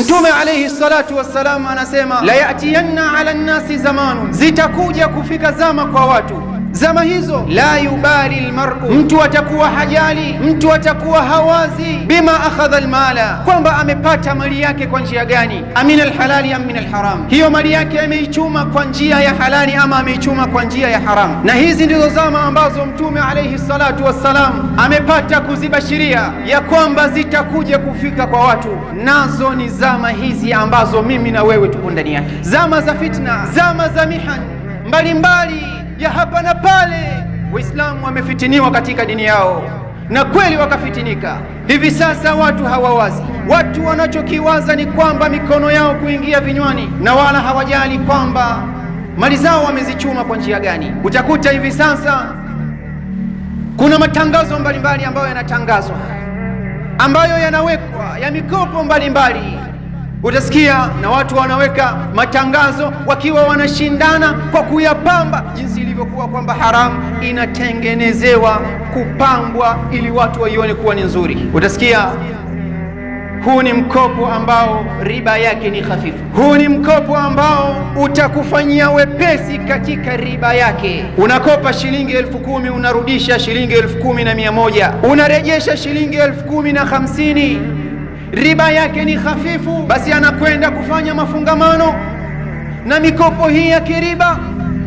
Mtume alaihi salatu wassalam anasema, la yatiyanna ala nnasi zamanun, zitakuja kufika zama kwa watu zama hizo, la yubali almar'u, mtu atakuwa hajali, mtu atakuwa hawazi bima akhadha almala, kwamba amepata mali yake kwa njia gani, amina alhalali am min alharam, hiyo mali yake ameichuma kwa njia ya halali ama ameichuma kwa njia ya haram. Na hizi ndizo zama ambazo Mtume alayhi salatu wassalam amepata kuzibashiria ya kwamba zitakuja kufika kwa watu, nazo ni zama hizi ambazo mimi na wewe tupo ndani yake, zama za fitna, zama za mihan mbalimbali mbali ya hapa na pale. Waislamu wamefitiniwa katika dini yao, na kweli wakafitinika. Hivi sasa watu hawawazi, watu wanachokiwaza ni kwamba mikono yao kuingia vinywani, na wala hawajali kwamba mali zao wamezichuma kwa njia gani. Utakuta hivi sasa kuna matangazo mbalimbali ambayo yanatangazwa ambayo yanawekwa ya mikopo mbalimbali. Utasikia na watu wanaweka matangazo wakiwa wanashindana kwa kuyapamba jinsi ilivyokuwa kwamba haramu inatengenezewa kupangwa ili watu waione kuwa ni nzuri. Utasikia huu ni mkopo ambao riba yake ni hafifu, huu ni mkopo ambao utakufanyia wepesi katika riba yake. Unakopa shilingi elfu kumi unarudisha shilingi elfu kumi na mia moja unarejesha shilingi elfu kumi na hamsini riba yake ni hafifu. Basi anakwenda kufanya mafungamano na mikopo hii ya kiriba.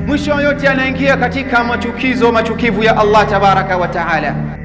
Mwisho yote anaingia katika machukizo machukivu ya Allah tabaraka wa taala.